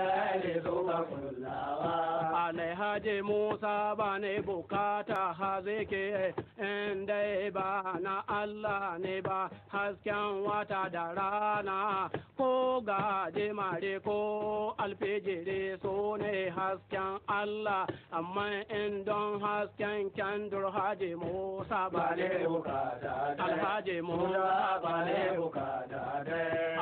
Alhaji Musa ba ne bukata ha zike inda ba na Allah ne ba hasken wata da rana ko ga jimare ko alfijiri so ne hasken Allah amma in don hasken kyandur Haji Musa ba ne bukata Alhaji Musa ba ne bukata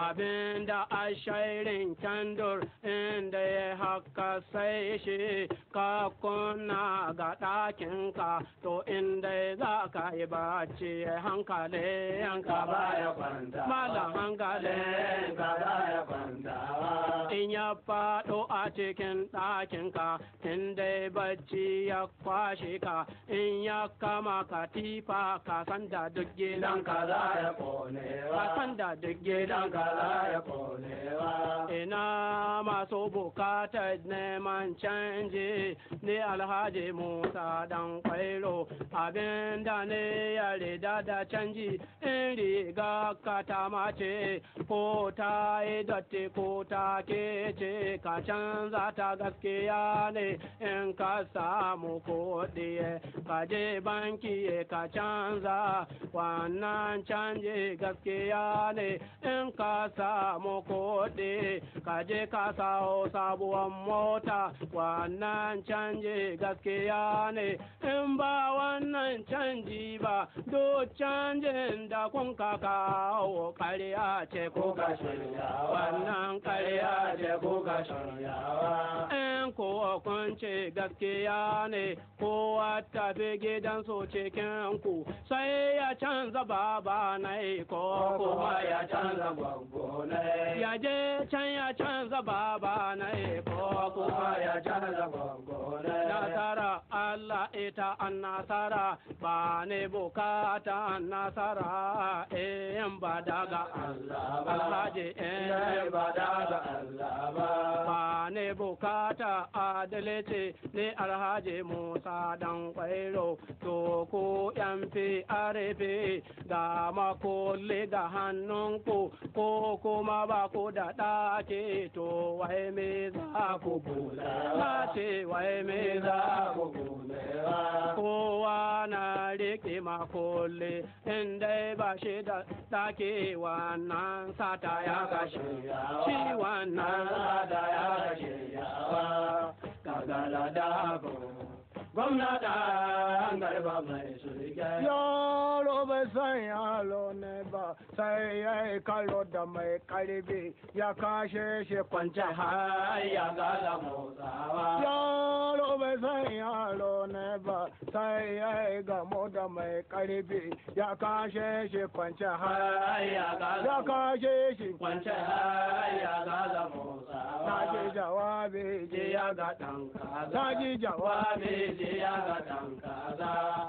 abinda a shairin kyandur in abin da ya haka sai shi ka kunna ga ɗakinka to inda za ka yi bacci hankali yanka ba ya kwanta malam hankali ka ba ya kwanta in ya faɗo cikin ɗakinka in dai bacci ya kwashe ka in ya kama katifa ka san da duk gidanka za ya ka san da duk gidanka za ya konewa ina masu bukatar neman canji ne alhaji musa dan kwairo abin da ne ya rida da canji in riga ka ta mace ko ta yi dotti ko ta ke ce ka can za ta gaskiya ne in ka samu kuɗi ka je banki ka canza wannan canje gaskiya ne in ka samu kuɗi ka je ka sawo sabuwar mota wannan canje gaskiya ne in ba wannan canji ba duk canjin da kun ka kawo ƙarya ce ko ka shirya wannan ƙarya ce ko ka shirya Uh... ko kowa kwance gaskiya ne ko wata tafi gidan so cikin ku sai ya canza baba na ko kuma ya canza gwaggo ne ya je can ya canza baba na ko kuma ya canza gwaggo ne nasara Allah ita an nasara ba ne bukata an nasara in ba daga Allah ba Alhaji in bada daga Allah ba ba ne bukata adalete ne alhaji musa dan kwairo to ko yan fi arefe ga da ga hannunku ko kuma ba ku da ɗace to wai me za ku bula ce wai me za ku bula kowa na riƙe makole in dai ba shi da ɗake wannan sata ya kashe shi wannan sata ya kashe ga ga gwamna da garba mai surge. Yaro bai san yalo ne ba sai ya yi kalo da mai karibi. ya kashe shi kwanci har ya gala motsawa. Yaro bai san yalo ne ba sai ya yi gamo da mai karibi. ya kashe shi kwanci har ya kashe shi kwanci har ya gala motsawa. Na ji jawabi ji ya ga ɗan kaza. Na ji jawabi ji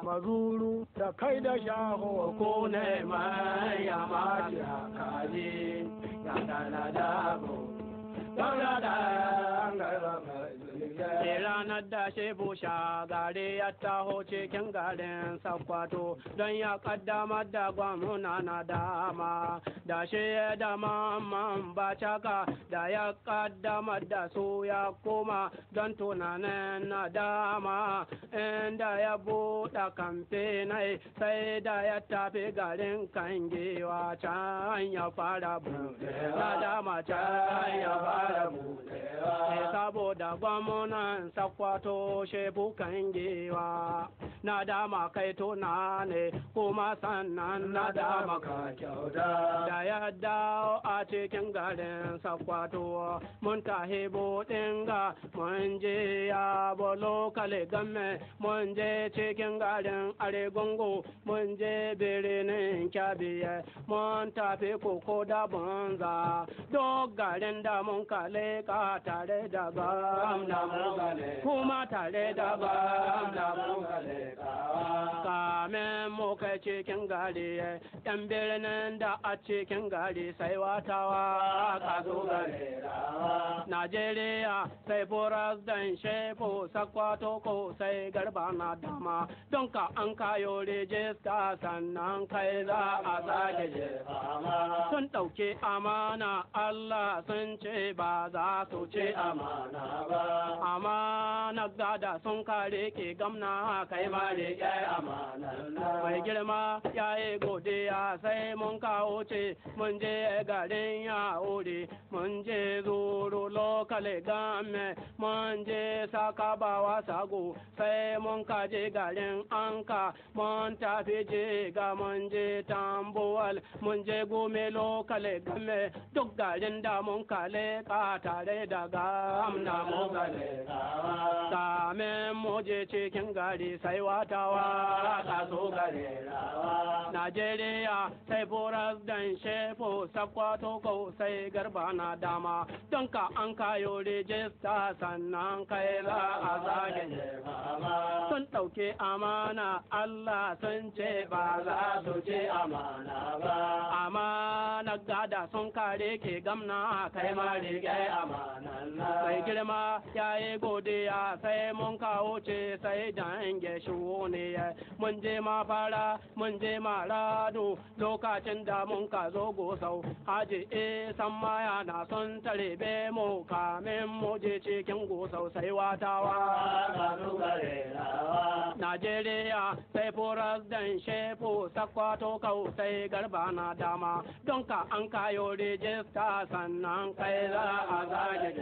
Mazuru da kai da shaho ko ne mai ya ma kaji, ya da da da da busha gare ya taho cikin garin sakwato don ya kaddamar da gwamna na dama da shi ya dama man caka da ya kaddamar da su ya koma don tunanin na dama inda ya buɗa kamfinai sai da ya tafi garin kangewa can ya fara buɗewa dama can ya fara buɗewa saboda gwamnan sakwato wato shebu kan gewa na dama kai tuna ne kuma sannan na dama ka kyauta da ya a cikin garin sakwato mun tahi buɗin ga mun je ya bolo kale game mun je cikin garin aregungu mun je birnin kyabiye mun tafi koko da banza duk garin da mun kale ka tare da ba. Kuma tare da ba na muka lekawa Ka muka cikin gari yan birnin da a cikin gari sai watawa ka zo gare Najeriya sai Boras dan Shefo Sakwato ko sai Garba na dama don ka an kayo rijista sannan kai za a sake jefa sun ɗauki amana Allah sun ce ba za su ce amana ba amanar da sun kare ke gamna kai ma kai amana mai girma ya yi godiya sai mun kawo ce mun je garin ya ore mun je zo kuru lokale game mun je sakabawa sago sai mun kaje garin anka mun tafi je ga mun je tambuwal mun je gome lokale game duk garin da mun kale ka tare da Mun mu gale kamin mu je cikin gari sai watawa ka so gare Najeriya sai foras dan sakwato ko sai garba na dama don ka an kayo rejista sannan kai za a zage sun ɗauke amana Allah sun ce ba za su ce amana ba talaka da sun kare ke gamna kai ma rike amanan sai girma yayi godiya sai mun kawo ce sai dange shuwo ne mun je ma fara mun je ma rado lokacin da mun ka zo gosau haji e san maya na sun tare be mu kamin mu je cikin gosau sai watawa Najeriya sai furas dan shefo sakwato kau sai garba na dama don ka an kayo rijista sannan kai za a zage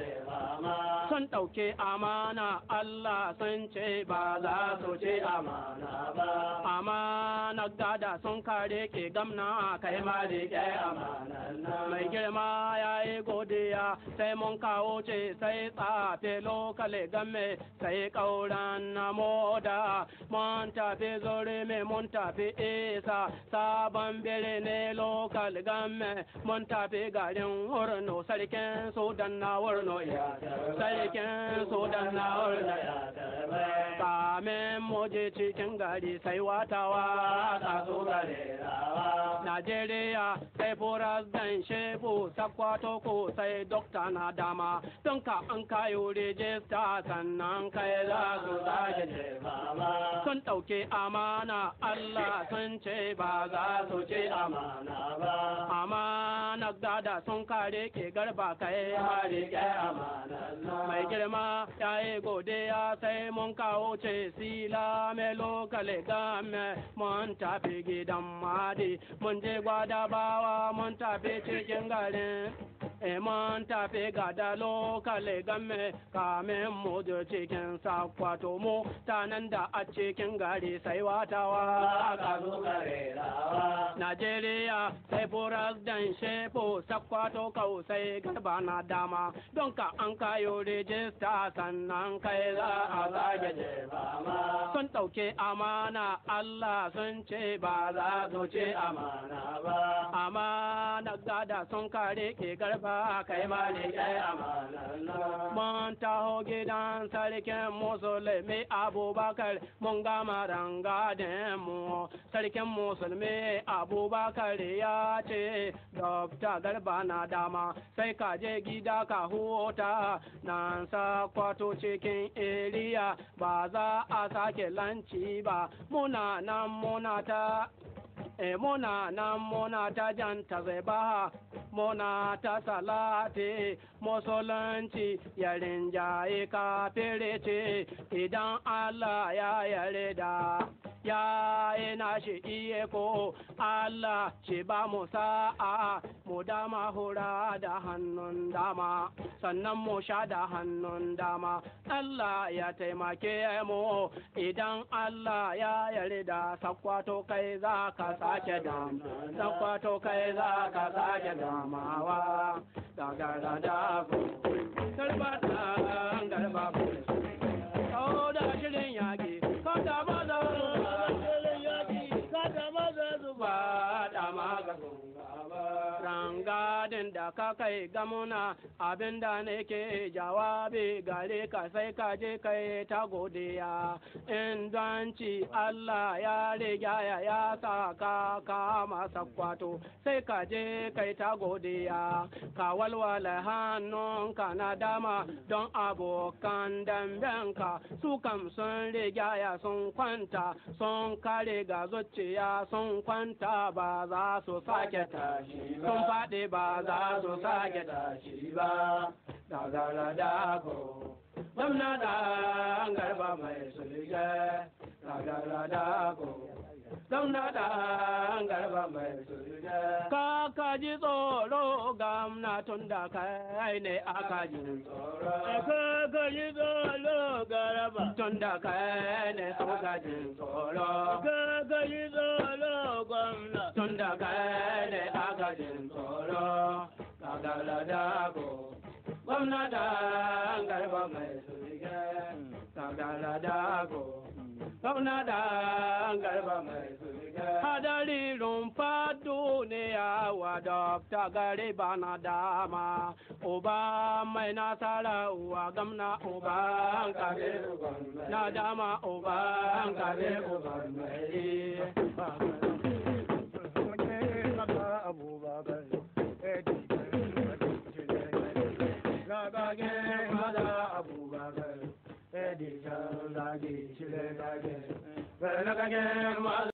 sun ɗauke amana Allah sun ce ba za su ce amana ba gada sun kare ke gamna kai ma riƙe amanan mai girma ya yi godiya sai mun kawo ce sai tsafe lokale game sai kauran na moda mun tafi mai mun tafi isa sabon ne lokal game mun tafi garin wurno sarkin sudan na wurno ya sarkin sudan na wurno ya kamin mu je cikin gari sai watawa Najeriya sai boras dan shebu sakwato ko sai dokta na dama don ka an kayo rejista sannan kai za su zage sun ɗauke amana Allah sun ce ba za su ce amana ba amana gada sun kare ke garba kai kare ke amana mai girma ya yi godiya sai mun kawo ce sila mai lokale game mun tafi gidan madi mun je gwada bawa mun tafi cikin garin e, mun tafi gada lokale game kamin mu cikin sakwato mu nan da a cikin gari sai watawa. Najeriya sai Boras dan Shefo Sakwato Kausai Garba na dama don ka an kayo rijista sannan kai za a zage jebama. Sun ɗauke amana Allah sun ce ba za su ce amana ba. Amana gada sun kare ke garba kai ma ne kai amana. Mun taho gidan sarkin musulmi Abubakar mun gama rangadin mu sarkin musulmi abubakar ya ce dokta garba na dama sai ka je gida ka huta nan sakwato cikin iriya ba za a sake lanci ba muna nan muna ta e mona na mona ta janta zai mona ta salate musulunci ya rinjaye ka fere ce idan Allah ya yare da. ya ina shi iye ko Allah shi ba mu sa'a mu dama hura da hannun dama sannan mu sha da hannun dama Allah ya taimake mu idan Allah ya yarda sakwato kai za ka sake dama sakwato kai za ka sake damawa da garba garba ba da ma lokacin da ka kai gamuna abin da ke jawabi gare ka sai ka je kai ta godiya in danci Allah ya riga ya ya sa ka ka masa kwato sai ka je kai ta godiya ka walwala ka na dama don abokan ka su kam sun riga ya sun kwanta sun kare ga zuciya sun kwanta ba za su sake tashi sun faɗi ba za su sake tashi ba da zara dako ko gwamna da an garba mai sulke da zara da ko gamna dan garba mai soja ka ka ji tsoro gamna tun da kai ne aka ji tsoro ka ka ji tsoro garba tun da kai ne aka ji tsoro ka ka ji tsoro gamna tun da kai ne aka ji tsoro sagaladago gwamna da garba mai surge sagaladago gwamna da garba mai surge hadari rumfa duniya wa dokta gare bana dama uba mai nasara wa gamna uba kabe na dama uba kabe uba mai look again.